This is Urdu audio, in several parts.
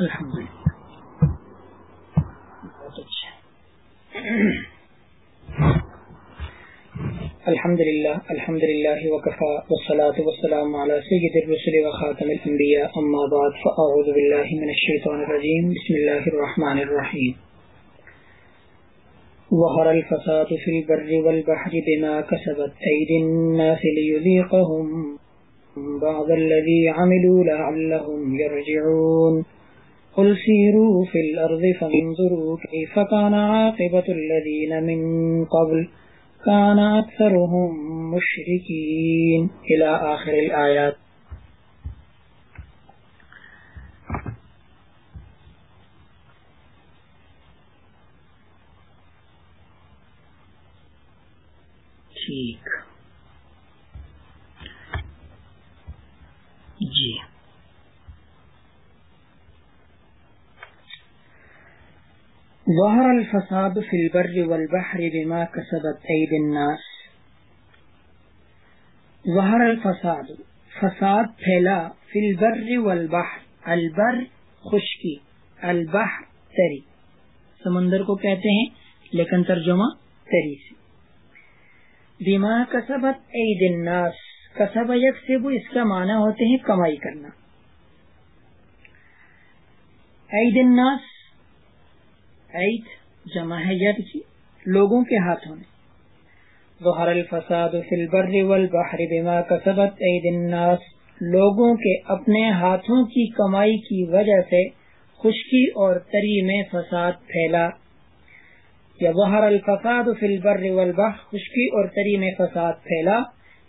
الحمد لله الحمد لله الحمد لله وكفى والصلاة والسلام على سيد الرسل وخاتم الأنبياء أما بعد فأعوذ بالله من الشيطان الرجيم بسم الله الرحمن الرحيم ظهر الفساد في البر والبحر بما كسبت أيدي الناس ليذيقهم بعض الذي عملوا لعلهم يرجعون قل سيروا في الأرض فانظروا كيف كان عاقبة الذين من قبل كان أكثرهم مشركين إلى آخر الآيات ठीक जी ظهر الفساد البر والبحر بما الناس ظهر الفساد فساد في البر والبحر البر خشکی البحر تری سمندر کو کہتے ہیں لیکن ترجمہ تری سے بیما کسبت کسب کسبیک سے وہ اس کا معنی ہوتے ہیں کمائی کرنا الناس جمع ہے ید کی لوگوں کے ہاتھوں میں ظہر الفساد فی البر والبحر بما کسبت عید الناس لوگوں کے اپنے ہاتھوں کی کمائی کی وجہ سے خشکی اور تری میں فساد پھیلا یا بہر الفساد فی البر والبحر خشکی اور تری میں فساد پھیلا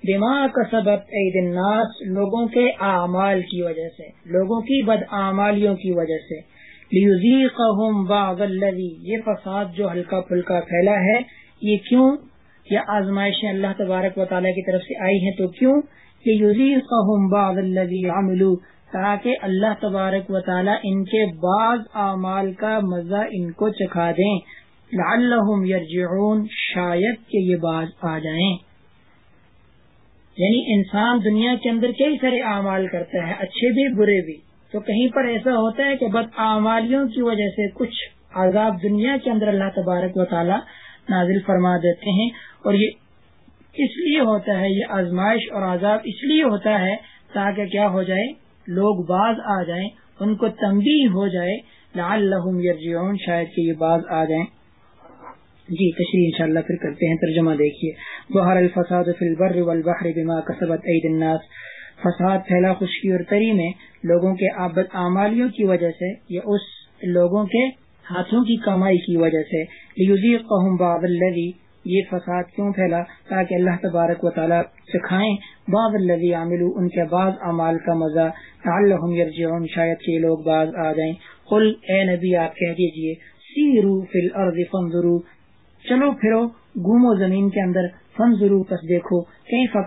دماغ کا سبق الناس لوگوں کے اعمال کی وجہ سے لوگوں کی اعمالیوں کی وجہ سے بعض باغ یہ فساد جو ہلکا پھلکا پھیلا ہے یہ کیوں یہ آزمائشیں اللہ تبارک و تعالیٰ کی طرف سے آئی ہیں تو کیوں یہ الذی عملو تاکہ اللہ تبارک و تعالیٰ ان کے بعض اعمال کا مزہ ان کو چکھا دیں لعلہم یرجعون شاید کہ یہ باز آ جائیں یعنی انسان دنیا کے اندر کئی سارے اعمال کرتا ہے اچھے بھی برے بھی تو کہیں پر ایسا ہوتا ہے کہ بد آمالیوں کی وجہ سے کچھ عذاب دنیا کے اندر اللہ تبارک و تعالی نازل فرما دیتے ہیں اور یہ اس لیے ہوتا ہے یہ آزمائش اور عذاب اس لیے ہوتا ہے تاکہ کیا ہو جائے لوگ باز آ جائیں ان کو تنگی ہو جائے لہم اللہ شاید کہ یہ باز آ جائیں جی تشریح انشاءاللہ اللہ پھر کرتے ہیں ترجمہ دیکھیے بہر الفساد فی البر والبحر بما کسبت عید الناس فساد پھیلا خشکی اور تری میں لوگوں کے کی وجہ سے یا اس لوگوں کے ہاتھوں کی کمائی کی وجہ سے یہ فساد کیوں پھیلا تاکہ اللہ تبارک و تعالیٰ سکھائیں باب الوی عامل ان کے بعض اعمال کا مزہ یرجعون شاید لوگ بعض آ جائیں قل اے نبی آپ کہہ دیجیے الارض ضرور چلو پھرو گومو زمین کے اندر فن ضرور دیکھو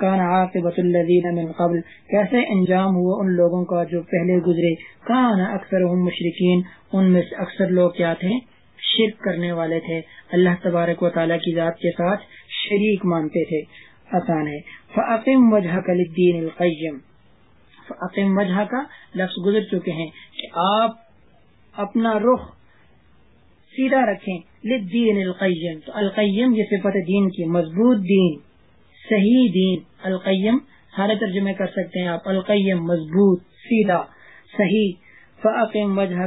کان عاقبت الذین من قبل کیسے انجام ہوا ان لوگوں کا جو پہلے گزرے کان اکثر مشرکین مشرقین ان میں سے اکثر لوگ کیا تھے شرک کرنے والے تھے اللہ تبارک و تعالیٰ کی ذات کے ساتھ شریک مانتے تھے آسان ہے فقیم وجہ کا لدین القیم فقیم وجہ کا لفظ گزر چکے ہیں کہ آپ اپنا رخ سیدھا رکھیں لدین القیم تو القیم یہ صفت دین کی مضبوط دین صحیح دین القیم سارے ترجمے کر سکتے ہیں آپ القیم مضبوط سیدھا صحیح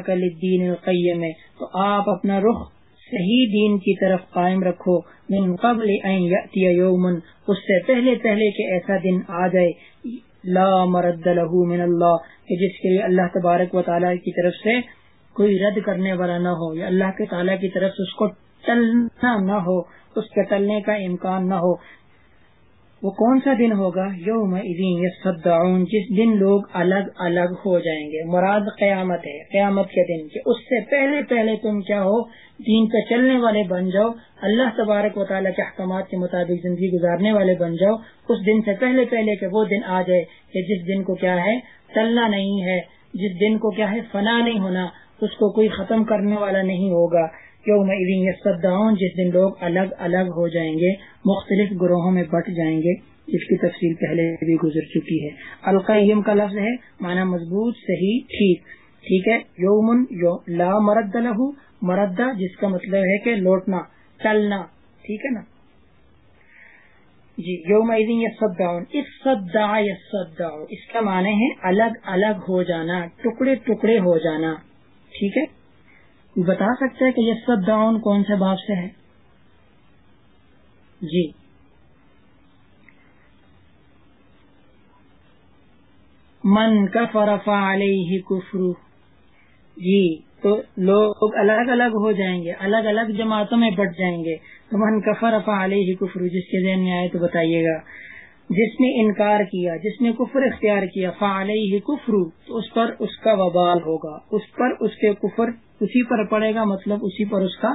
فل دین القیم ہے تو آپ اپنا رخ صحیح دین کی طرف قائم رکھو من قبل یومن اس سے پہلے پہلے کے ایسا دن آ جائے لا مرد من اللہ جس کے لیے اللہ تبارک و تعالیٰ کی طرف سے کوئی رد کرنے والا نہ ہو یا اللہ کے تعالیٰ کی طرف سے اس کو ٹلنا نہ ہو اس کے ٹلنے کا امکان نہ ہو وہ کون سا دن ہوگا یوم یس جس دن لوگ الگ الگ ہو جائیں گے مراد قیامت ہے قیامت کے دن اس سے پہلے پہلے تم کیا ہو دین پہ چلنے والے بن جاؤ اللہ تبارک و تعالیٰ کے احکامات کے مطابق زندگی گزارنے والے بن جاؤ اس دن سے پہلے پہلے کہ وہ دن آ جائے کہ جس دن کو کیا ہے چلنا نہیں ہے جس دن کو کیا ہے فنا نہیں ہونا اس کو کوئی ختم کرنے والا نہیں ہوگا یوم ایونگ جس دن لوگ الگ الگ ہو جائیں گے مختلف گروہوں میں بٹ جائیں گے جس کی تفصیل پہلے بھی گزر چکی ہے القیم کا لفظ ہے معنی مضبوط صحیح ٹھیک ٹھیک ہے یومن یو لا مرد لہو مردہ جس کا مطلب ہے کہ لوٹنا چلنا ٹھیک ہے نا جی یوم یا سب ڈاؤن سدا یس اس کا معنی ہے الگ الگ ہو جانا ٹکڑے ٹکڑے ہو جانا ٹھیک ہے بتا سکتے ہیں کہ یہ سب ڈاؤن کون سے باپ سے ہے جی من کا فرفا علیہ کفرو جی تو لوگ الگ الگ ہو جائیں گے الگ الگ جماعتوں میں بٹ جائیں گے تو من کفر فا علیہ کفرو جس کے ذہن میں آئے تو بتائیے گا جس نے انکار کیا جس نے کفر اختیار کیا فعال اس پر اس کا وبال ہوگا اس پر اس کے کفر اسی پر پڑے گا مطلب اسی پر اس کا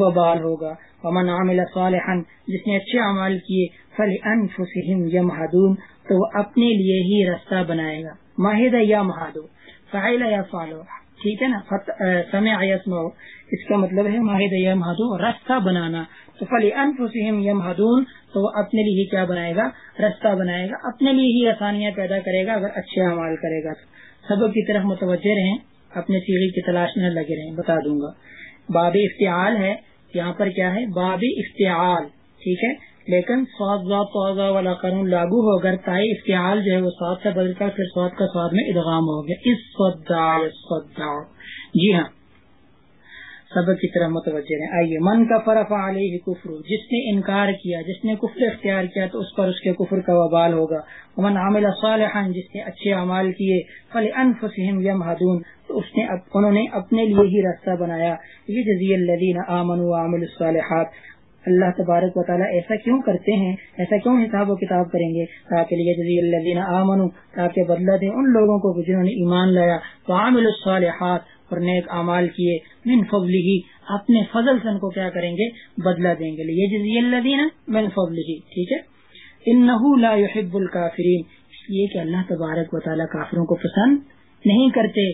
وبال ہوگا امن عامل صالح جس نے اچھے عمال کیے فرحم یا مہادون تو وہ اپنے لیے ہی رستہ بنائے گا ماہد یا مہادو فعل یا فالو ٹھیک ہے نا سمے آیت اس کا مطلب ہے ماہد یم ہادو رستہ بنانا تو فلی انفسم یم ہادون تو وہ اپنے لیے ہی کیا بنائے گا رستہ بنائے گا اپنے لیے ہی آسانیاں پیدا کرے گا اگر اچھے حوال کرے گا سب کی طرف متوجہ رہیں اپنے سیڑھی کی تلاش نہ لگے رہیں بتا دوں گا باب افتعال ہے یہاں پر کیا ہے باب افتعال ٹھیک ہے لیکن سواد پوزا والا قانون لاگو ہو کر تائی اس کے حال جو ہے وہ سواد سے بدل کر پھر سواد کا سواد میں ادغام ہو گیا اس سودا سودا جی ہاں سب کی طرح متوجہ رہے آئیے من کا فرف علیہ کفر جس نے انکار کیا جس نے کفر اختیار کیا تو اس پر اس کے کفر کا وبال ہوگا من عامل صالحا جس نے اچھے اعمال کیے فل انفسم یم ہدون اس نے انہوں نے اپنے لیے ہی راستہ بنایا یہ جزی اللہ عامن عامل الصالحات اللہ تبارک و تعالیٰ ایسا کیوں کرتے ہیں ایسا کیوں حساب و کتاب کریں گے تاکہ جزی اللہ دینا بدلہ دیں ان لوگوں کو جنہوں نے ایمان لایا تو الصالحات اور نیک اعمال کیے من ہی اپنے فضل سن کو کیا کریں گے بدلہ دیں گے لیے جزی اللہ دینا من فبلی ٹھیک ہے لا کہ اللہ تبارک و تعالیٰ کافروں کو پسند نہیں کرتے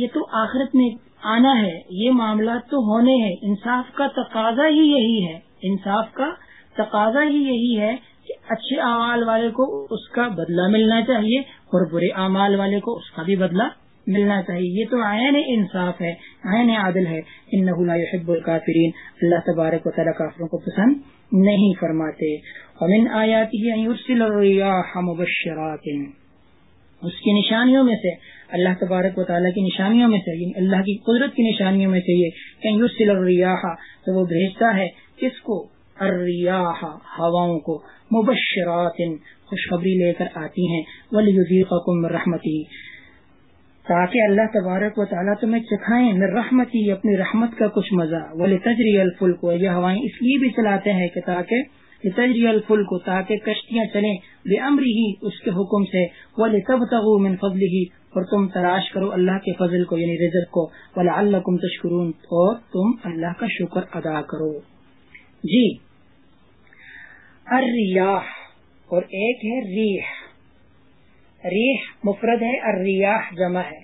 یہ تو آخرت میں آنا ہے یہ معاملات تو ہونے ہیں انصاف کا تقاضا ہی یہی ہے انصاف کا تقاضا ہی یہی ہے کہ اچھے اعمال والے کو اس کا بدلہ ملنا چاہیے اور برے اعمال والے کو اس کا بھی بدلہ ملنا چاہیے یہ تو عین انصاف ہے عین عادل ہے ان الحب القافرین اللہ تبارک و تعالیٰ کافروں کو پسند نہیں فرماتے اس کی نشانیوں میں سے اللہ تبارک و تعالیٰ کی نشانیوں میں سے یعنی اللہ کی قدرت کی نشانیوں میں سے یہ تو وہ بھیجتا ہے کس کو اریا ہواؤں کو مبشرات خوشخبری لے کر آتی ہیں رحمتی تاکہ اللہ تبارک و تعالیٰ تمہیں چکھائیں میں رحمتی اپنی رحمت کا کچھ مزہ ولی تجری الفل کو یہ ہوائیں اس لیے بھی چلاتے ہیں کہ تاکہ الفل کو تاکہ کشتیاں چلیں بے امر ہی اس کے حکم سے من فضل ہی اور تم تراش کرو اللہ کے فضل کو یعنی رزق کو اللہ تشکرون اور تم اللہ کا شکر ادا کرو جی الریاح اور ایک ہے ریح ریح مفرد ہے اریاح جمع ہے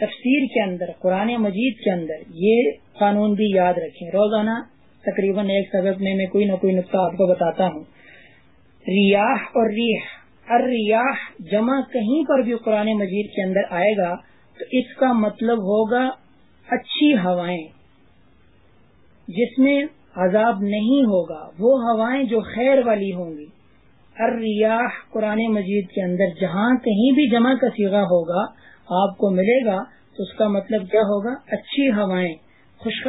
تفسیر کے اندر قرآن مجید کے اندر یہ قانون بھی یاد رکھیں روزانہ تقریباً ایک سبق میں میں کوئی نہ کوئی نقطہ آپ کو بتاتا ہوں ریاح اور ریح ار ریاح جمع کہیں پر بھی قرآن مجید کے اندر آئے گا تو اس کا مطلب ہوگا اچھی ہوائیں جس میں عذاب نہیں ہوگا وہ ہوائیں جو خیر والی ہوں گی ار ریاح قرآن مجید کے اندر جہاں کہیں بھی جمع کا سیگا ہوگا آپ کو ملے گا تو اس کا مطلب کیا ہوگا اچھی ہوائیں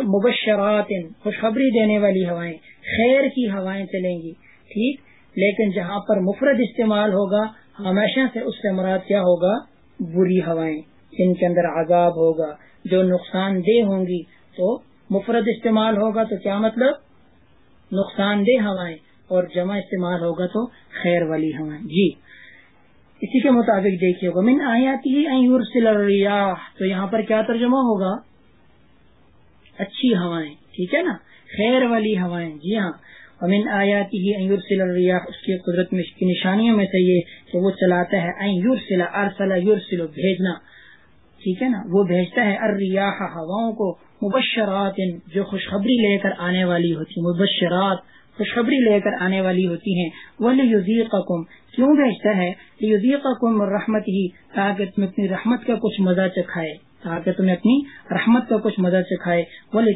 مبشرات خوشخبری دینے والی ہوائیں خیر کی ہوائیں چلیں گی ٹھیک لیکن جہاں پر مفرد استعمال ہوگا ہمیشہ سے اس سے مراد کیا ہوگا بری ہوائیں جن کے اندر عذاب ہوگا جو نقصان دہ ہوں گی تو مفرد استعمال ہوگا تو کیا مطلب نقصان دہ ہوائیں اور جمع استعمال ہوگا تو خیر والی ہوائیں جی اسی کے مطابق دیکھیے گا من آئی ہے تو یہاں پر کیا ترجمہ ہوگا اچھی ہوائیں ٹھیک ہے نا خیر والی ہوائیں جی ہاں ابن آ اس کی قدرت میں کی نشانیوں میں سے یہ کہ وہ چلاتا ہے ارسلا بھیجنا ٹھیک ہے نا وہ بھیجتا ہے ار ریاح کو مبشرات جو خوشخبری لے کر آنے والی ہوتی ہیں مبشرات خوشخبری لے کر آنے والی ہوتی ہیں وہ یوزیق کیوں بھیجتا ہے یوزیق کم رحمت ہی تاکہ تم اپنی رحمت کا کچھ مزہ چکھائے تاکہ تمہیں اپنی رحمت کا کچھ مدد سے کھائے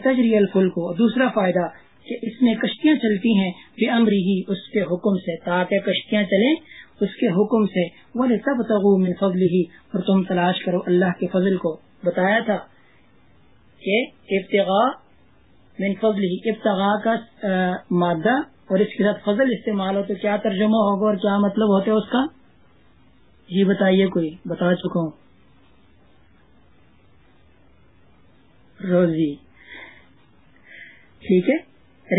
تجری الفل کو دوسرا فائدہ کہ اس میں کشتیاں چلتی ہیں بے امری ہی اس کے حکم سے تاکہ کشتیاں چلے اس کے حکم سے من فضل ہی اور تم تلاش کرو اللہ کے فضل کو بتایا تھا کہ ابتغاء من فضل ہی ابتغاء کا مادہ اور اس کے ساتھ فضل استعمال ہو تو کیا ترجمہ ہوگا اور کیا مطلب ہوتا ہے اس کا یہ بتائیے کوئی بتا چکا ہوں روزی ٹھیک ہے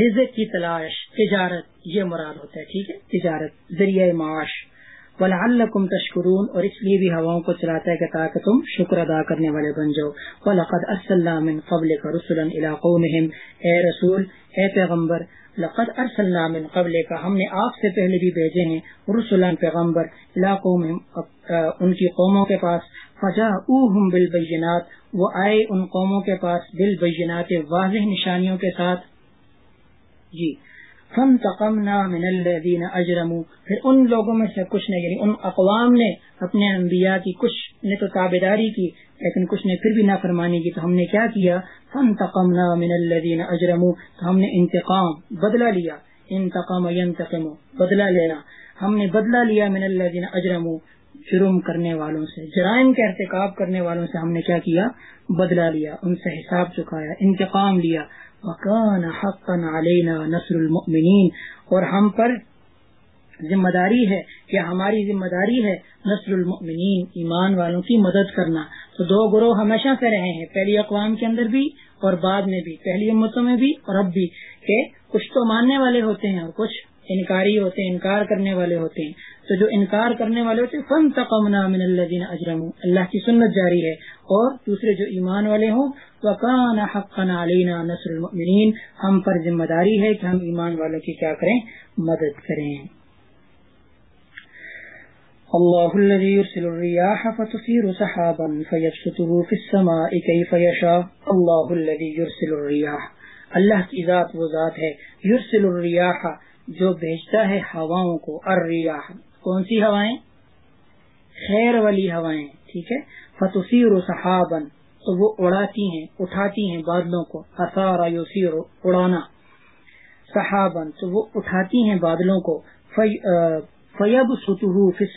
رزق کی تلاش تجارت یہ مراد ہوتا ہے ٹھیک ہے تجارت ذریعہ معاش و تشکرون اور اس لیے بھی ہواؤں کو چلاتا ہے کہ تاکہ تم شکر ادا کرنے والے بن جاؤ و اسلام قبل کا رسول علاقوں اے پیغمبر لقد ارسلنا من قبل کا ہم نے آپ سے پہلے بھی بھیجے ہیں رسول پیغمبر علاقوں میں ان کی قوموں کے پاس فجا اوہم بالبینات وہ آئے ان قوموں کے پاس بالبینات واضح نشانیوں کے ساتھ جی فن تقمنا من الدین اجرم پھر ان لوگوں میں سے کچھ نے یعنی ان اقوام نے اپنے انبیاء کی کچھ نے تو تابے کی لیکن کچھ نے پھر بھی نہ فرمانی کی تو ہم نے کیا کیا فن من الدین اجرم تو ہم نے انتقام بدلا لیا انتقام ینتقم بدلا لینا ہم نے بدلہ لیا من الدین اجرم جرم کرنے والوں سے جرائم کا احتکاب کرنے والوں سے ہم نے کیا کیا بدلا لیا ان سے حساب چکایا انتقام لیا علینا نصر المؤمنین اور ہم پر ذمہ داری ہے کہ ہماری ذمہ داری ہے نسل المؤمنین ایمان والوں کی مدد کرنا تو دو گروہ ہمیشہ سے رہے ہیں پہلی اقوام کے اندر بھی اور بعد میں بھی پہلی امتوں میں بھی اور اب بھی کہ کچھ تو ماننے والے ہوتے ہیں اور کچھ انکاری ہوتے ہیں انکار کرنے والے ہوتے ہیں تو جو انکار کرنے والے ہوتے فن من اللہ اجرم اللہ کی سنت جاری ہے اور دوسرے جو ایمان والے ہوں وکان کان حق علینہ المؤمنین ہم پر ذمہ داری ہے کہ ہم ایمان والوں کی کیا کریں مدد کریں الله الذي يرسل الرياح فتثير سحابا فيبسطه في السماء كيف يشاء الله الذي يرسل الرياح اللہ کی ذات وہ ذات ہے یرسل الرياح جو بھیجتا ہے ہواؤں کو الرياح کون سی ہوائیں خیر والی ہوائیں ٹھیک ہے فتثیر سحابا تو وہ اڑاتی ہیں اٹھاتی ہیں بادلوں کو اثار یثیر اڑانا سحابا تو وہ اٹھاتی ہیں بادلوں کو فیب ست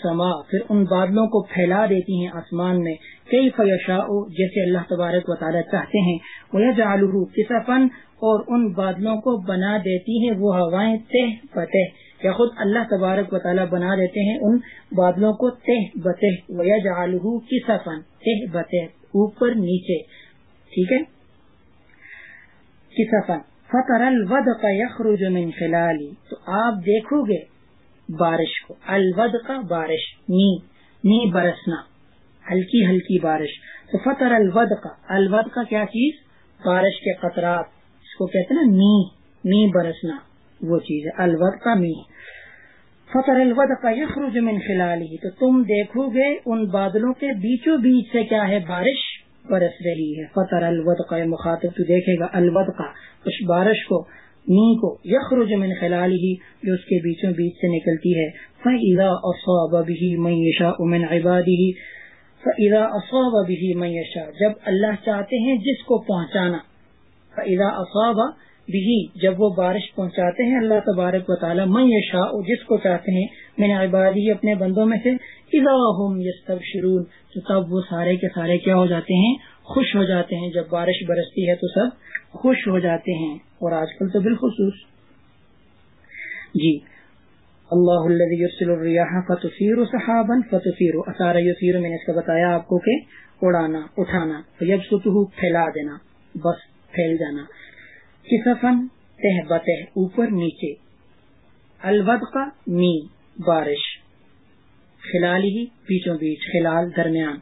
فما پھر ان بادلوں کو پھیلا دیتی ہیں آسمان میں کئی فیشا جیسے اللہ تبارک و تعالیٰ چاہتے ہیں وہ کس فن اور ان بادلوں کو بنا دیتی ہیں وہ ہوائیں تہ بتہ یا خود اللہ تبارک و تعالیٰ بنا دیتے ہیں ان بادلوں کو تہ بتہ بتحجہ کس فن تہ بتہ اوپر نیچے ٹھیک ہے تو آپ دیکھو گے بارش کو الود کا بارش نی نی برسنا ہلکی ہلکی بارش تو فتح الود کا الود کا کیا چیز بارش کے قطرات اس کو کہتے نا می نی برسنا وہ چیز ہے الود کا می فتح الود کا یہ خروج میں تو تم دیکھو گے ان بادلوں کے بیچو بیچ سے کیا ہے بارش برس رہی ہے فتح الود کا مخاطب تو دیکھے گا الود کا اس بارش کو نی کو یخر من خلال ہی جو اس کے بیچوں بیچ سے نکلتی ہے فرا اصاب بھی میں امن عبادی بھی اصاہ جب اللہ چاہتے ہیں جس کو پہنچانا اصاب بھی جب وہ بارش پہنچاتے ہیں اللہ تبارک و تعالیٰ میں یشا جس کو چاہتے ہیں مین عبادی، اپنے بندوں میں سے الاح اُم یش تب شرون تو تب وہ سارے کے سارے کیا ہو جاتے ہیں خوش ہو جاتے ہیں جب بارش برستی ہے تو سب خوش ہو جاتے ہیں اور آج کل تو بالخصوص جی اللہ فتفیر فتفیر اثار اثارو میں نے اس کا بتایا آپ کو کہ اڑانا اٹھانا یب پھیلا دینا بس پھیل جانا کسفن تہ بتہ اوپر نیچے البد کا نی بارش خلال ہی بیچوں بیچ خلال درمیان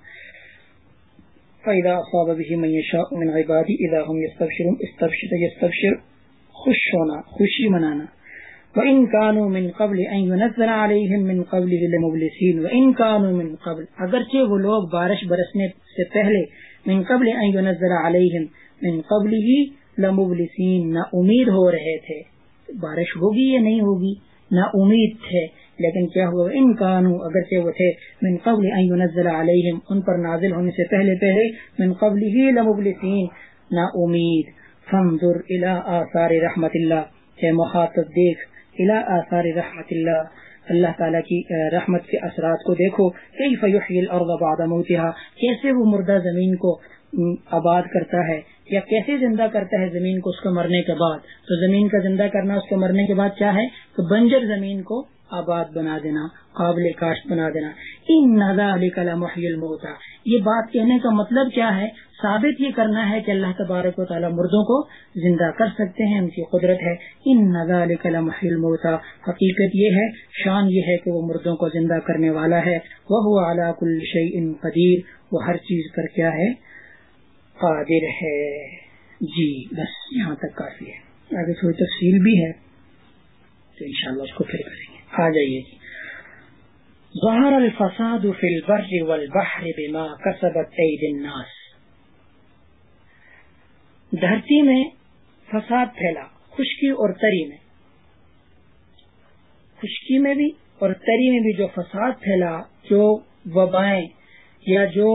فَإِذَا أَصَابَ بِهِ مَنْ يَشَاءُ مِنْ عِبَادِ إِذَا هُمْ يَسْتَبْشِرُونَ اسْتَبْشِرَ يَسْتَبْشِرْ خُشْ ہونا خوشی منانا وَإِنْ كَانُوا مِنْ قَبْلِ أَنْ يُنَزَّلَ عَلَيْهِمْ مِنْ قَبْلِ لِلْمُبْلِسِينَ وَإِنْ كَانُوا مِنْ قَبْلِ اگرچہ وہ لوگ بارش برسنے سے پہلے من قبل أَنْ يُنَزَّلَ عَلَيْهِمْ مِنْ قَبْلِهِ لَمُبْلِسِينَ نا امید ہو رہے تھے بارش ہوگی یا نہیں ہوگی نا امید تھے لیکن کیا ہوا ان کانو اگر سے وہ تھے من قبل ان پر نازل ہونے سے پہلے پہلے من قبل ہی لمبلسین نا امید الی آثار رحمت اللہ مخاطب دیکھ الى آثار رحمت اللہ اللہ تعالیٰ کی رحمت کے اثرات کو دیکھو کئی فیویل اور وباد موتها کیسے وہ مردہ زمین کو آباد کرتا ہے یا کیسے زندہ کرتا ہے زمین کو اس کو مرنے کے بعد تو زمین کا زندہ کرنا اس کو مرنے کے بعد کیا ہے تو بنجر زمین کو آباد بنا دینا قابل کاشت بنا دینا ان نظا علی کلا مہی المتا یہ بات کہنے کا مطلب کیا ہے ثابت یہ کرنا ہے کہ اللہ تبارک و تعالیٰ مردوں کو زندہ کر سکتے ہیں ان کی قدرت ہے ان نظا علی کلا مہیل موہتا حقیقت یہ ہے شان یہ ہے کہ وہ مردوں کو زندہ کرنے والا ہے وہ اعلیٰ کل شعی ان قدیر وہ ہر چیز پر کیا ہے قادر ہے جی بس یہاں تک کافی ہے آگے تھوڑی تفصیل بھی ہے تو انشاءاللہ اس کو پھر کریں گے آ جائیے ظہر الفساد فی البر والبحر بما الناس دھرتی میں فساد پھیلا خشکی اور تری میں خشکی میں بھی اور تری میں بھی جو فساد پھیلا جو وبائیں یا جو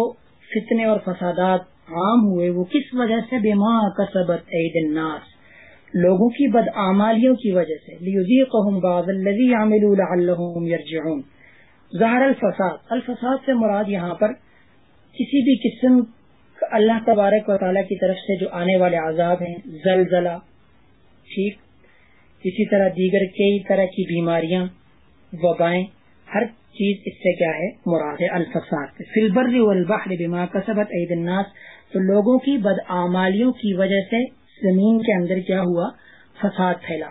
فتنے اور فسادات عام ہوئے وہ کس وجہ سے بیما کسبت عید الناس لوگوں کی بدعمالیوں کی وجہ سے ظاہر الفساد الفساد سے مراد یہاں پر کسی بھی قسم اللہ تبارک و تعالیٰ کی طرف سے جو آنے والے عذاب ہیں زلزلہ ٹھیک طرح دیگر کئی طرح کی بیماریاں وبائیں ہر چیز اس سے کیا ہے مراد ہے الفساد فلبر کا الناس تو لوگوں کی بدعمالیوں کی وجہ سے زمین کے اندر کیا ہوا فساد پھیلا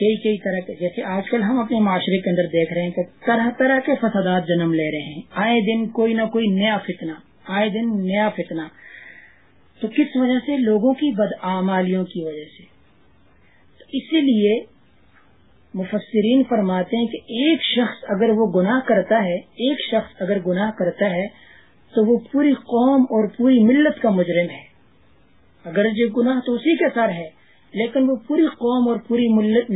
کئی کئی طرح کے جیسے آج کل ہم اپنے معاشرے کے اندر دیکھ رہے ہیں کہ طرح طرح کے فسادات جنم لے رہے ہیں آئے دن کوئی نہ کوئی نیا فتنا آئے دن نیا فتنا تو کس وجہ سے لوگوں کی بدعمالیوں کی وجہ سے اسی لیے مفسرین فرماتے ہیں کہ ایک شخص اگر وہ گناہ کرتا ہے ایک شخص اگر گناہ کرتا ہے تو وہ پوری قوم اور پوری ملت کا مجرم ہے گناہ تو اسی کے سر ہے لیکن وہ پوری قوم اور پوری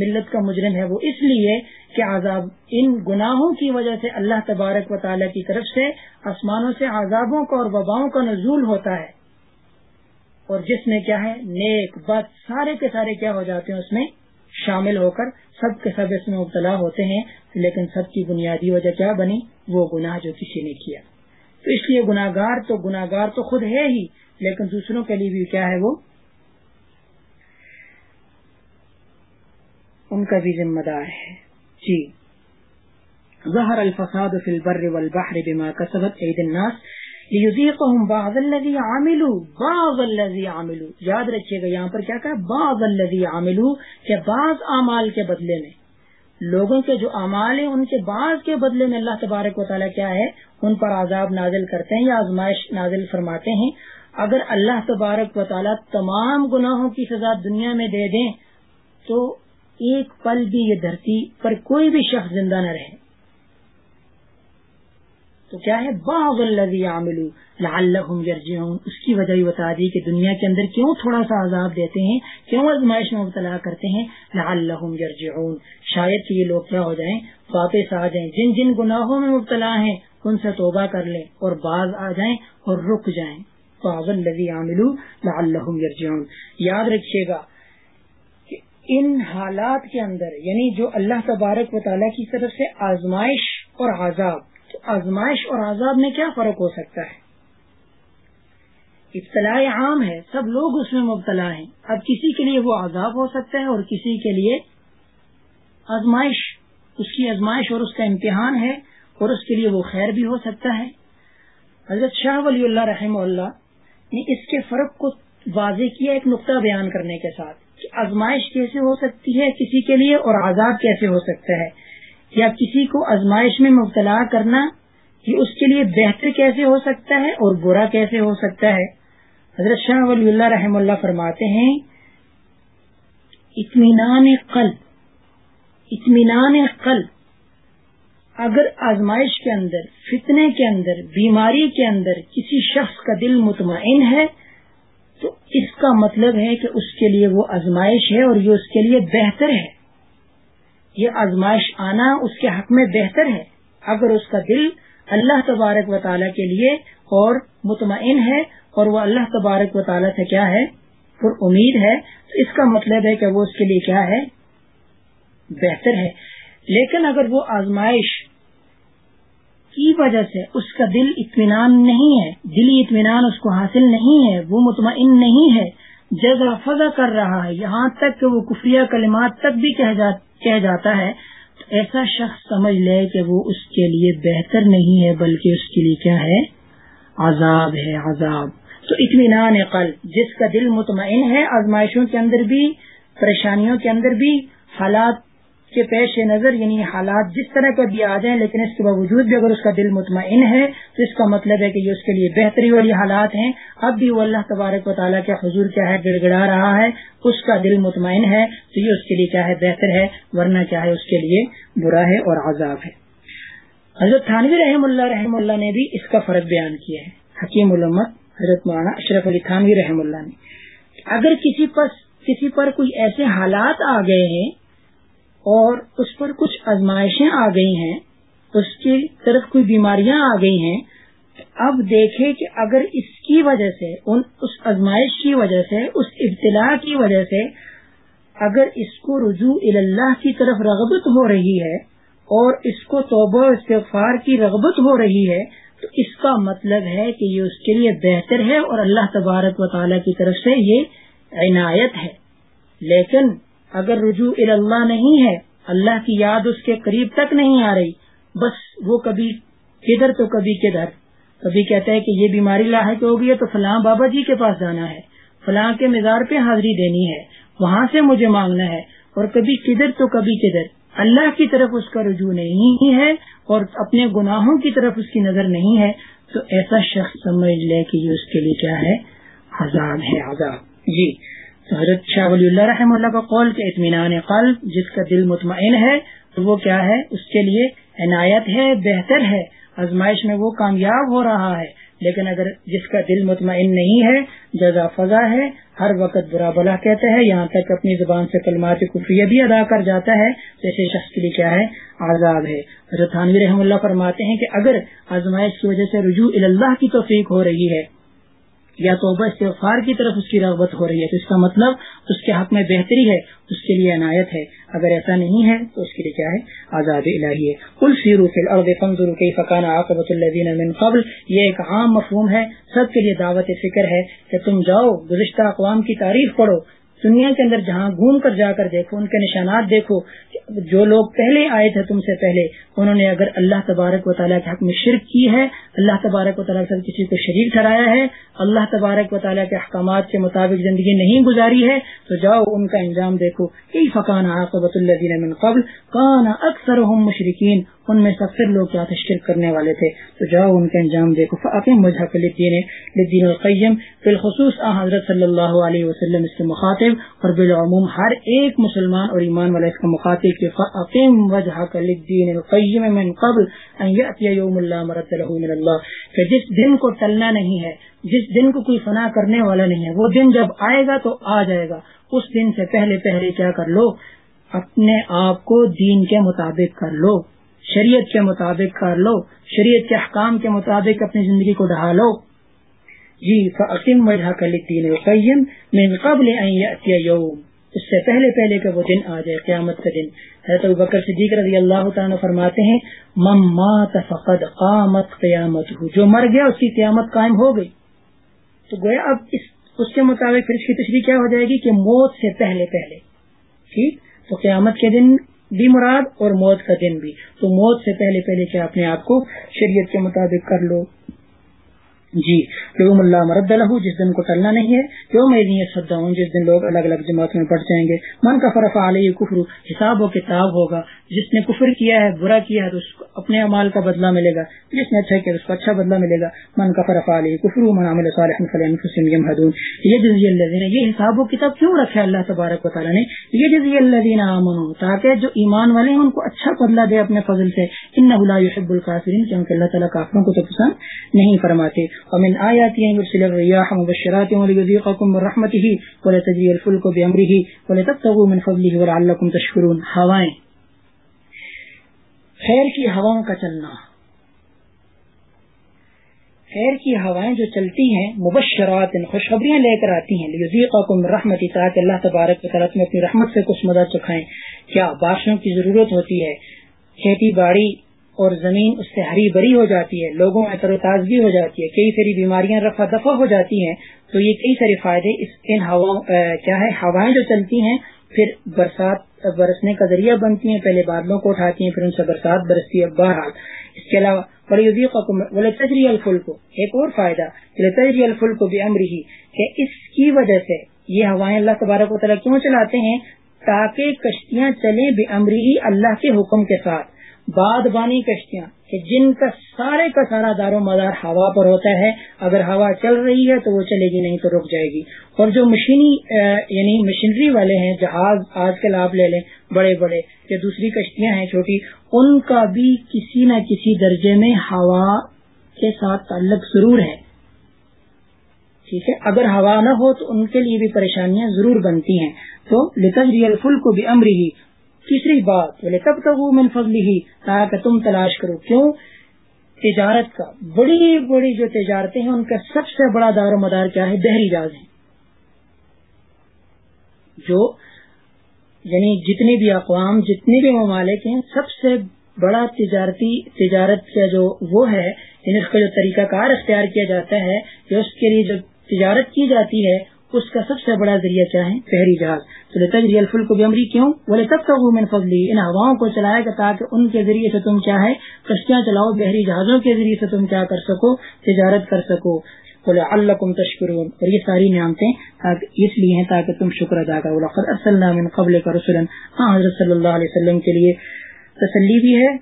ملت کا مجرم ہے وہ اس لیے کہ عذاب ان گناہوں کی وجہ سے اللہ تبارک و تعالیٰ کی طرف سے آسمانوں سے عذابوں کا اور وباؤں کا نزول ہوتا ہے اور جس میں کیا ہے نیک بد سارے کے سارے کیا ہو جاتے ہیں اس میں شامل ہو کر سب کے سب اس میں مبتلا ہوتے ہیں لیکن سب کی بنیادی وجہ کیا بنی وہ گناہ جو کسی نے کیا تو اس لیے گناگار تو گناگار تو خود ہے ہی لیکن دوسروں کے لیے بھی کیا ہے وہ ان کا بھی ذمہ دار ہے جی ظہر الفساد فی البر والبحر بما کسبت عید الناس بعض الذی عاملو بعض الذی عاملو یاد رکھیے گا یہاں پر کیا کہا بعض الذی عاملو کہ بعض اعمال کے بدلے میں لوگوں کے جو اعمال ہیں ان کے بعض کے بدلے میں اللہ تبارک و تعالیٰ کیا ہے ان پر عذاب نازل کرتے ہیں یا آزمائش نازل فرماتے ہیں اگر اللہ تبارک و تعالیٰ تمام گناہوں کی سزا دنیا میں دے دیں تو ایک پل بھی یہ دھرتی پر کوئی بھی شخص زندہ نہ رہے تو کیا ہے بعض الذي عملو لعلهم یرجعون اس کی وجہ یہ بتا دی کہ دنیا کے اندر کیوں تھوڑا سا عذاب دیتے ہیں کیوں آزمائش میں مبتلا کرتے ہیں لعلهم یرجعون شاید کہ شاید یہ لوگ کیا ہو جائیں واپس آ جائیں جن جن گناہوں میں مبتلا ہیں ان سے توبہ کر لیں اور بعض آ جائیں اور رک جائیں بعض الذی عمل لعلهم یرجعون یاد رکھیے گا ان حالات کے اندر یعنی جو اللہ تبارک و تعالیٰ کی طرف سے آزمائش اور عذاب آزمائش اور آزاد میں کیا فرق ہو سکتا ہے ابتلاع عام ہے سب لوگ اس میں مبتلا ہیں اب کسی کے لیے وہ عذاب ہو سکتا ہے اور کسی کے لیے آزمائش اس کی آزمائش اور اس کا امتحان ہے اور اس کے لیے وہ خیر بھی ہو سکتا ہے حضرت شاہ ولی اللہ رحم اللہ نے اس کے فرق کو واضح کیا ایک نقطہ بیان کرنے کے ساتھ کہ آزمائش کیسے ہو سکتی ہے کسی کے لیے اور آزاد کیسے ہو سکتا ہے یا کسی کو ازمائش میں مبتلا کرنا یہ اس کے لیے بہتر کیسے ہو سکتا ہے اور برا کیسے ہو سکتا ہے حضرت شاہ ولی اللہ رحم اللہ فرماتے ہیں اطمینان قلب اطمینان قلب اگر آزمائش کے اندر فتنے کے اندر بیماری کے اندر کسی شخص کا دل مطمئن ہے تو اس کا مطلب ہے کہ اس کے لیے وہ آزمائش ہے اور یہ اس کے لیے بہتر ہے یہ آزمائش آنا اس کے حق میں بہتر ہے اگر اس کا دل اللہ تبارک و تعالیٰ کے لیے اور مطمئن ہے اور وہ اللہ تبارک و تعالیٰ سے کیا ہے پر امید ہے تو اس کا مطلب ہے کہ وہ اس کے لیے کیا ہے بہتر ہے لیکن اگر وہ آزمائش کی وجہ سے اس کا دل اطمینان نہیں ہے دلی اطمینان اس کو حاصل نہیں ہے وہ مطمئن نہیں ہے جزا فضا کر رہا ہے یہاں تک کہ وہ کفیہ کلمات تک بھی کہہ جاتا کہہ جاتا ہے تو ایسا شخص سمجھ لے کہ وہ اس کے لیے بہتر نہیں ہے بلکہ اس کے لیے کیا ہے عذاب ہے عذاب تو اطمینان قلب جس کا دل مطمئن ہے آزمائشوں کے اندر بھی پریشانیوں کے اندر بھی حالات کے پیش نظر یعنی حالات جس طرح کا بھی آ جائیں لیکن اس کے باوجود بھی اگر اس کا دل مطمئن ہے تو اس کا مطلب ہے کہ یہ اس کے لیے بہتری والی حالات ہیں اب بھی وہ اللہ تبارک و تعالیٰ کے حضور کیا ہے گڑ گڑا رہا ہے اس کا دل مطمئن ہے تو یہ اس کے لیے کیا ہے بہتر ہے ورنہ کیا ہے اس کے لیے برا ہے اور عذاب ہے حضرت تھانوی رحم اللہ رحم اللہ نے بھی اس کا فرق بیان کیا ہے حکیم علمت حضرت مولانا اشرف علی تھانوی رحم اللہ نے اگر کسی پر کسی پر کوئی ایسے حالات آ گئے ہیں اور اس پر کچھ ازمائشیں آ گئی ہیں اس کی طرف کوئی بیماریاں آ گئی ہیں اب دیکھیں کہ اگر اس کی وجہ سے ان اس ازمائش کی وجہ سے اس ابتلا کی وجہ سے اگر اس کو رجوع اللہ کی طرف رغبت ہو رہی ہے اور اس کو توبہ استغفار کی رغبت ہو رہی ہے تو اس کا مطلب ہے کہ یہ اس کے لیے بہتر ہے اور اللہ تبارک و تعالیٰ کی طرف سے یہ عنایت ہے لیکن اگر رجوع اللہ نہیں ہے اللہ کی یاد اس کے قریب تک نہیں آ رہی بس وہ کبھی کدھر تو کبھی کدھر کبھی کہتا ہے کہ یہ بیماری لاحق ہو گئی ہے تو فلاں بابا جی کے پاس جانا ہے فلاں کے مزار پہ حاضری دینی ہے وہاں سے مجھے مانگنا ہے اور کبھی کدھر تو کبھی کدھر اللہ کی طرف اس کا رجوع نہیں ہے اور اپنے گناہوں کی طرف اس کی نظر نہیں ہے تو ایسا شخص سمجھ لے کہ یہ اس کے لیے کیا ہے عذاب ہے عذاب جی حضرت شاہ ولی اللہ رحم اللہ کا قول کے اطمینان قلب جس کا دل مطمئن ہے وہ کیا ہے اس کے لیے عنایت ہے بہتر ہے آزمائش میں وہ کامیاب ہو رہا ہے لیکن اگر جس کا دل مطمئن نہیں ہے جزا فضا ہے ہر وقت برا بلا کہتے ہیں یہاں تک اپنی زبان سے کلمات بھی ادا کر جاتا ہے جیسے شخص کے لیے کیا ہے آزاد ہے حضرت تھانوی رحم اللہ فرماتے ہیں کہ اگر آزمائش کی وجہ سے رجوع اللہ کی توفیق ہو رہی ہے یا توبہ استغفار کی طرف اس کی رغبت ہو رہی ہے تو اس کا مطلب اس کے حق میں بہتری ہے اس کے لیے عنایت ہے اگر ایسا نہیں ہے تو اس کے لیے کیا ہے آزاد الہی ہے کل سیرو آزادی اللہیے فقان قبل یہ ایک عام مفہوم ہے سب کے لیے دعوت فکر ہے کہ تم جاؤ گزشتہ اقوام کی تعریف پڑھو دنیا کے اندر جہاں گھوم کر جا کر دیکھو ان کے نشانات دیکھو جو لوگ پہلے آئے تھے تم سے پہلے انہوں نے اگر اللہ تبارک و تعالیٰ کے حق میں شرک کی ہے اللہ تبارک و تعالیٰ کے ساتھ کسی کو شریک ٹھہرایا ہے اللہ تبارک و تعالیٰ کے احکامات کے مطابق زندگی نہیں گزاری ہے تو جاؤ ان کا انجام دیکھو کئی فقان اللہ من قبل اکثر مشرقین ان میں سب سے لوگ کرنے والے تھے تو جاؤ ان کے انجام دیکھو القیم بالخصوص حضرت صلی اللہ علیہ وسلم اس کے مخاطب اور بالعموم ہر ایک مسلمان اور ایمان والا اس کا مخاطب القیم کی قبلۃ یوم اللہ کہ جس دن کو ٹلنا نہیں ہے جس دن کو کوئی فنا کرنے والا نہیں ہے وہ دن جب آئے گا تو آ جائے گا اس دن سے پہلے پہلے کیا کر لو اپنے آپ کو دین کے مطابق کر لو شریعت کے مطابق کر لو شریعت کے احکام کے مطابق اپنی زندگی کو ڈھا لو جی میں قبل یوم اس سے پہلے پہلے کہ وہ دن آ جائے قیامت کا دن حضرت بکر سے اللہ تعالیٰ فرماتے ہیں مم مات فقد قامت قیامت ہو جو مر گیا اس کی قیامت قائم ہو گئی تو گویا اب اس اس کے مطابق پھر اس کی تشریح کیا ہو جائے گی کہ موت سے پہلے پہلے ٹھیک تو قیامت کے دن بھی مراد اور موت کا دن بھی تو موت سے پہلے پہلے کیا اپنے آپ کو شریعت کے مطابق کر لو جی یوم اللہ مرد اللہ جس دن کو ٹلنا نہیں ہے یوم میں جس دن لوگ الگ الگ جماعت میں پڑھ جائیں گے من کا فرف علیہ حساب و کتاب ہوگا جس نے کفر کیا ہے برا کیا ہے تو اس کو اپنے امال کا بدلہ ملے گا جس نے اچھا کیا اس کو اچھا بدلہ ملے گا من کا فرف علی حدون یہ جزی اللہ یہ حساب و کتاب کیوں رکھے اللہ تبارک و تعالیٰ نے یہ جزی اللہ امن تاکہ جو ایمان والے ہیں ان کو اچھا بدلہ دے اپنے فضل سے ان نہ یوسب القاصرین کیونکہ اللہ تعالیٰ کافروں کو تو پسند نہیں فرماتے ومن آياته مرسل الرياح مبشرات وليذيقكم من رحمته ولتجري الفلك بأمره ولتبتغوا من فضله ولعلكم تشكرون ہوائیں خیر کی ہواؤں کا چلنا خیر کی ہوائیں جو چلتی ہیں مبشرات خوشخبریاں لے کر آتی ہیں یوزیقم رحمت تاکہ اللہ تبارک و میں اپنی رحمت سے کچھ مدد چکھائیں کیا بارشوں کی ضرورت ہوتی ہے کھیتی باڑی اور زمین اس سے ہری بھری ہو جاتی ہے لوگوں میں تر و تازگی ہو جاتی ہے کئی ساری بیماریاں رفع دفع ہو جاتی ہیں تو یہ کئی سارے فائدے اس ان کیا ہے ہوائیں جو چلتی ہیں پھر برسات برسنے کا ذریعہ بنتی ہیں پہلے بادلوں کو اٹھاتی ہیں پھر ان سے برسات برستی ہے بہرحال اس کے علاوہ تجری الفل کو ایک اور فائدہ تجری الفل کو بھی امر ہی کہ اس کی وجہ سے یہ ہوائیں اللہ تبارک و تعالیٰ کیوں چلاتے ہیں تاکہ کشتیاں چلیں بے امری اللہ کے حکم کے ساتھ بادبانی بانی کشتیاں جن کا سارے کا سارا دار و مدار ہوا پر ہوتا ہے اگر ہوا چل رہی ہے تو وہ چلے گی نہیں تو رک جائے گی اور جو مشینی یعنی مشینری والے ہیں جہاز آج کل آپ لے لیں بڑے بڑے یا دوسری کشتیاں ہیں چھوٹی ان کا بھی کسی نہ کسی درجے میں ہوا کے ساتھ تعلق ضرور ہے ٹھیک ہے اگر ہوا نہ ہو تو ان کے لیے بھی پریشانیاں ضرور بنتی ہیں تو ریئل فل کو بھی امر ہی تیسری بات بولے تب تک وہ فضلی تم تلاش کرو کیوں تجارت کا بڑی بڑی جو تجارتیں ہیں ان کا سب سے بڑا دار و مدار کیا ہے دہری جہاز جو یعنی جتنی بھی اقوام جتنے بھی ممالک ہیں سب سے بڑا تجارتی تجارت کا جو وہ ہے یعنی اس کا جو طریقہ کار اختیار کیا جاتا ہے کہ اس کے لیے جو تجارت کی جاتی ہے اس کا سب سے بڑا ذریعہ کیا ہے بحری جہاز تجری الفل کو کیوں بولے سب تک عبومن فضلی ان ہواؤں کو چلایا گا تاکہ ان کے ذریعے سے تم کیا ہے کشتیاں چلاؤ بحری جہازوں کے ذریعے سے تم کیا کر سکو تجارت کر سکو بولے اللہ تشکر اور یہ ساری نعمتیں اس لیے ہیں تاکہ تم شکر ادا کرو قبل کا رسول ہاں حضرت صلی اللہ علیہ وسلم کے لیے تسلی بھی ہے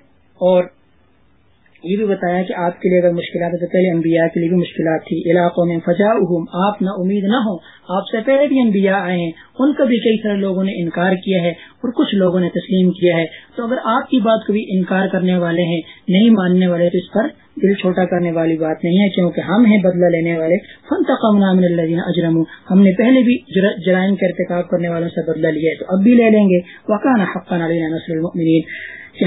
اور یہ بھی بتایا کہ آپ کے لیے اگر مشکلات پہلے انبیاء کے لیے بھی مشکلات تھی علاقوں میں فجا اہم آپ نہ امید نہ ہو آپ سے پہلے بھی انبیاء آئے ہیں ان کا بھی کئی سارے لوگوں نے انکار کیا ہے اور کچھ لوگوں نے تسلیم کیا ہے تو اگر آپ کی بات کو بھی انکار کرنے والے ہیں نہیں ماننے والے تو اس پر دل چھوٹا کرنے والی بات نہیں ہے کیونکہ ہم ہیں بدلہ لینے والے فن اللہ اجرم ہم نے پہلے بھی جرائم کے ارتکاب کرنے والوں سے بدلہ لیا ہے تو اب بھی لے لیں گے وقان حق علی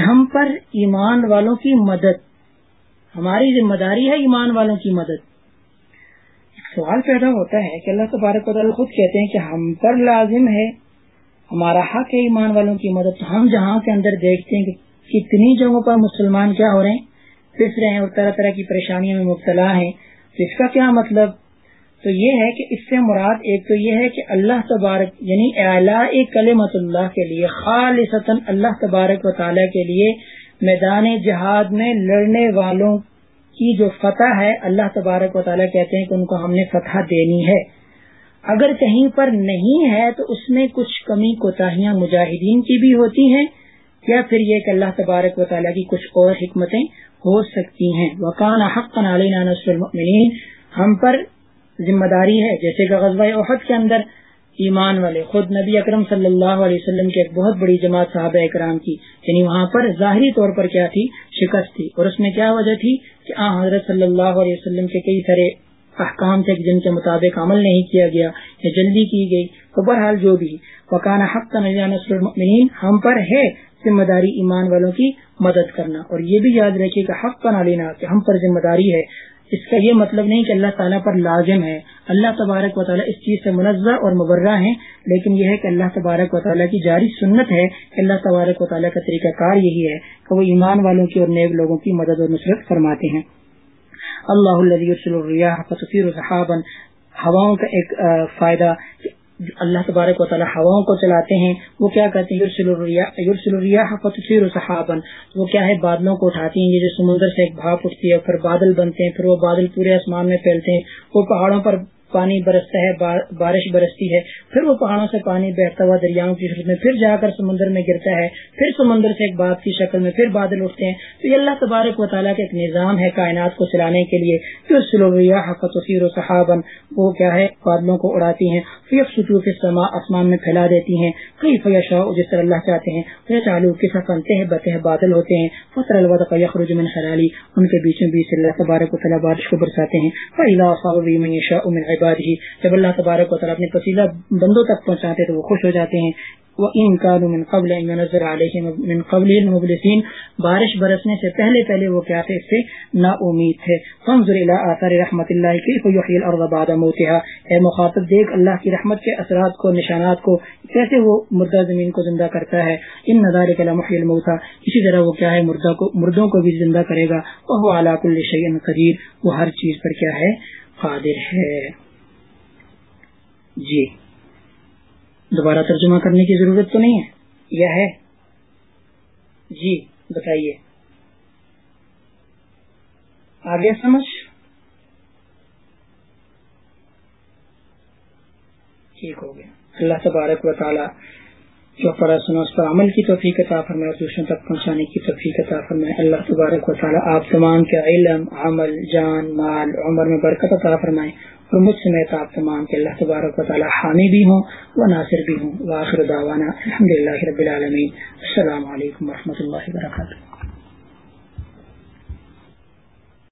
ہم پر ایمان والوں کی مدد ہماری ذمہ داری ہے ایمان والوں کی مدد سوال پیدا ہوتا ہے کہ اللہ تبارک تعالیٰ خود کہتے ہیں کہ ہم پر لازم ہے ہمارا حق ہے ایمان والوں کی مدد ہم جہاں کے اندر دیکھتے ہیں کہ کتنی جگہوں پر مسلمان کیا ہو رہے ہیں پس رہے ہیں اور طرح طرح کی پریشانیوں میں مبتلا ہیں تو اس کا کیا مطلب تو یہ ہے کہ اس سے مراد ایک تو یہ ہے کہ اللہ تبارک یعنی اعلیٰ کل اللہ کے لیے خالص اللہ تبارک و تعالیٰ کے لیے میدان جہاد میں لڑنے والوں کی جو فتح ہے اللہ تبارک و تعالیٰ کہتے ہیں کہ ان کو ہم نے فتح دینی ہے اگر کہیں پر نہیں ہے تو اس میں کچھ کمی کوتاہیاں مجاہدین کی بھی ہوتی ہیں یا پھر یہ کہ اللہ تبارک و تعالیٰ کی کچھ اور حکمتیں ہو سکتی ہیں وقان حق علی نان ہم پر ذمہ داری ہے جیسے کہ غزبۂ احد کے اندر ایمان والے خود نبی اکرم صلی اللہ علیہ وسلم کی ایک بہت بڑی جماعت صحابہ اکرام کی یعنی وہاں پر ظاہری طور پر کیا تھی شکست تھی اور اس میں کیا وجہ تھی کہ آ حضرت صلی اللہ علیہ وسلم کے کئی سارے احکام تھے جن کے مطابق عمل نہیں کیا گیا یا جلدی کی گئی تو بہرحال جو بھی حق مکانہ ہفتہ ہم پر ہے ذمہ داری ایمان والوں کی مدد کرنا اور یہ بھی یاد رکھیے کہ حق کا نالینا کہ ہم پر ذمہ داری ہے اس کا یہ مطلب نہیں کہ اللہ تعالیٰ پر لازم ہے اللہ تبارک و تعالیٰ اس چیز سے منظر اور مبرہ ہیں لیکن یہ ہے کہ اللہ تبارک و تعالیٰ کی جاری سنت ہے کہ اللہ تبارک و تعالیٰ کا طریقہ کار یہی ہے کہ وہ ایمان والوں کی اور نیب لوگوں کی مدد اور نصرت فرماتے ہیں اللہ ہواؤں کا ایک فائدہ اللہ تبارک و تعالیٰ ہواؤں کو چلاتے ہیں وہ کیا کہتے ہیں یورسلیا یورسلیا پھر صحابن وہ کیا ہے بادلوں کو اٹھاتی ہیں یہ جو سمندر سے ایک بھاپ اٹھتی ہے پھر بادل بنتے ہیں پھر وہ بادل پورے آسمان میں پھیلتے ہیں وہ پہاڑوں پر پانی برستا ہے بارش برستی ہے پھر وہ پہاڑوں سے پانی بہتا ہوا دریاؤں کی شکل میں پھر جا کر سمندر میں گرتا ہے پھر سمندر سے ایک بات کی شکل میں پھر بادل اٹھتے ہیں تو یہ اللہ تبارک و تعالیٰ کا ایک نظام ہے کائنات کو چلانے کے لیے سلویا و وہ کیا ہے بادلوں کو اڑاتی ہیں سما آسمان میں پھیلا دیتی ہیں کئی فیشا جس طرح اللہ چاہتے ہیں کے ہیں بتے ہیں بادل ہوتے ہیں ان کے بیچوں بیچ اللہ تبارک و تعالیٰ بارش کو برساتے ہیں عباد ہی جب اللہ تبارک و تعالیٰ اپنے پسیلہ بندوں تک پہنچاتے تو وہ خوش ہو جاتے ہیں ان قبل نظر قبل بارش برسنے سے پہلے پہلے وہ کیا تھے اس سے نا امید تھے اُمید آثار رحمت اللہ کی وباد وبادہ اے مخاطب دیکھ اللہ کی رحمت کے اثرات کو نشانات کو کیسے وہ مردہ زمین کو زندہ کرتا ہے ان نظارے الموتا اسی طرح وہ کیا ہے مردہ کو مردوں کو بھی زندہ کرے گا وہ الشعین قدیر وہ ہر چیز پر کیا ہے قادر ہے جی دوبارہ ترجمہ کرنے کی ضرورت تو نہیں ہے یا ہے جی بتائیے آگے سمجھ ٹھیک ہو گیا اللہ تبارک و تعالیٰ جو پڑھا سنا اس پر عمل کی توفیق عطا فرمائے دوسروں تک پہنچانے کی توفیق عطا فرمائے اللہ تبارک و تعالیٰ آپ تمام کے علم عمل جان مال عمر میں برکت عطا فرمائے اور مجھ سے میں آپ تمام کے اللہ تبارک و تعالی حامی بھی ہوں و ناصر بھی ہوں واخر الحمد الحمدللہ رب العالمین السلام علیکم و اللہ وبرکاتہ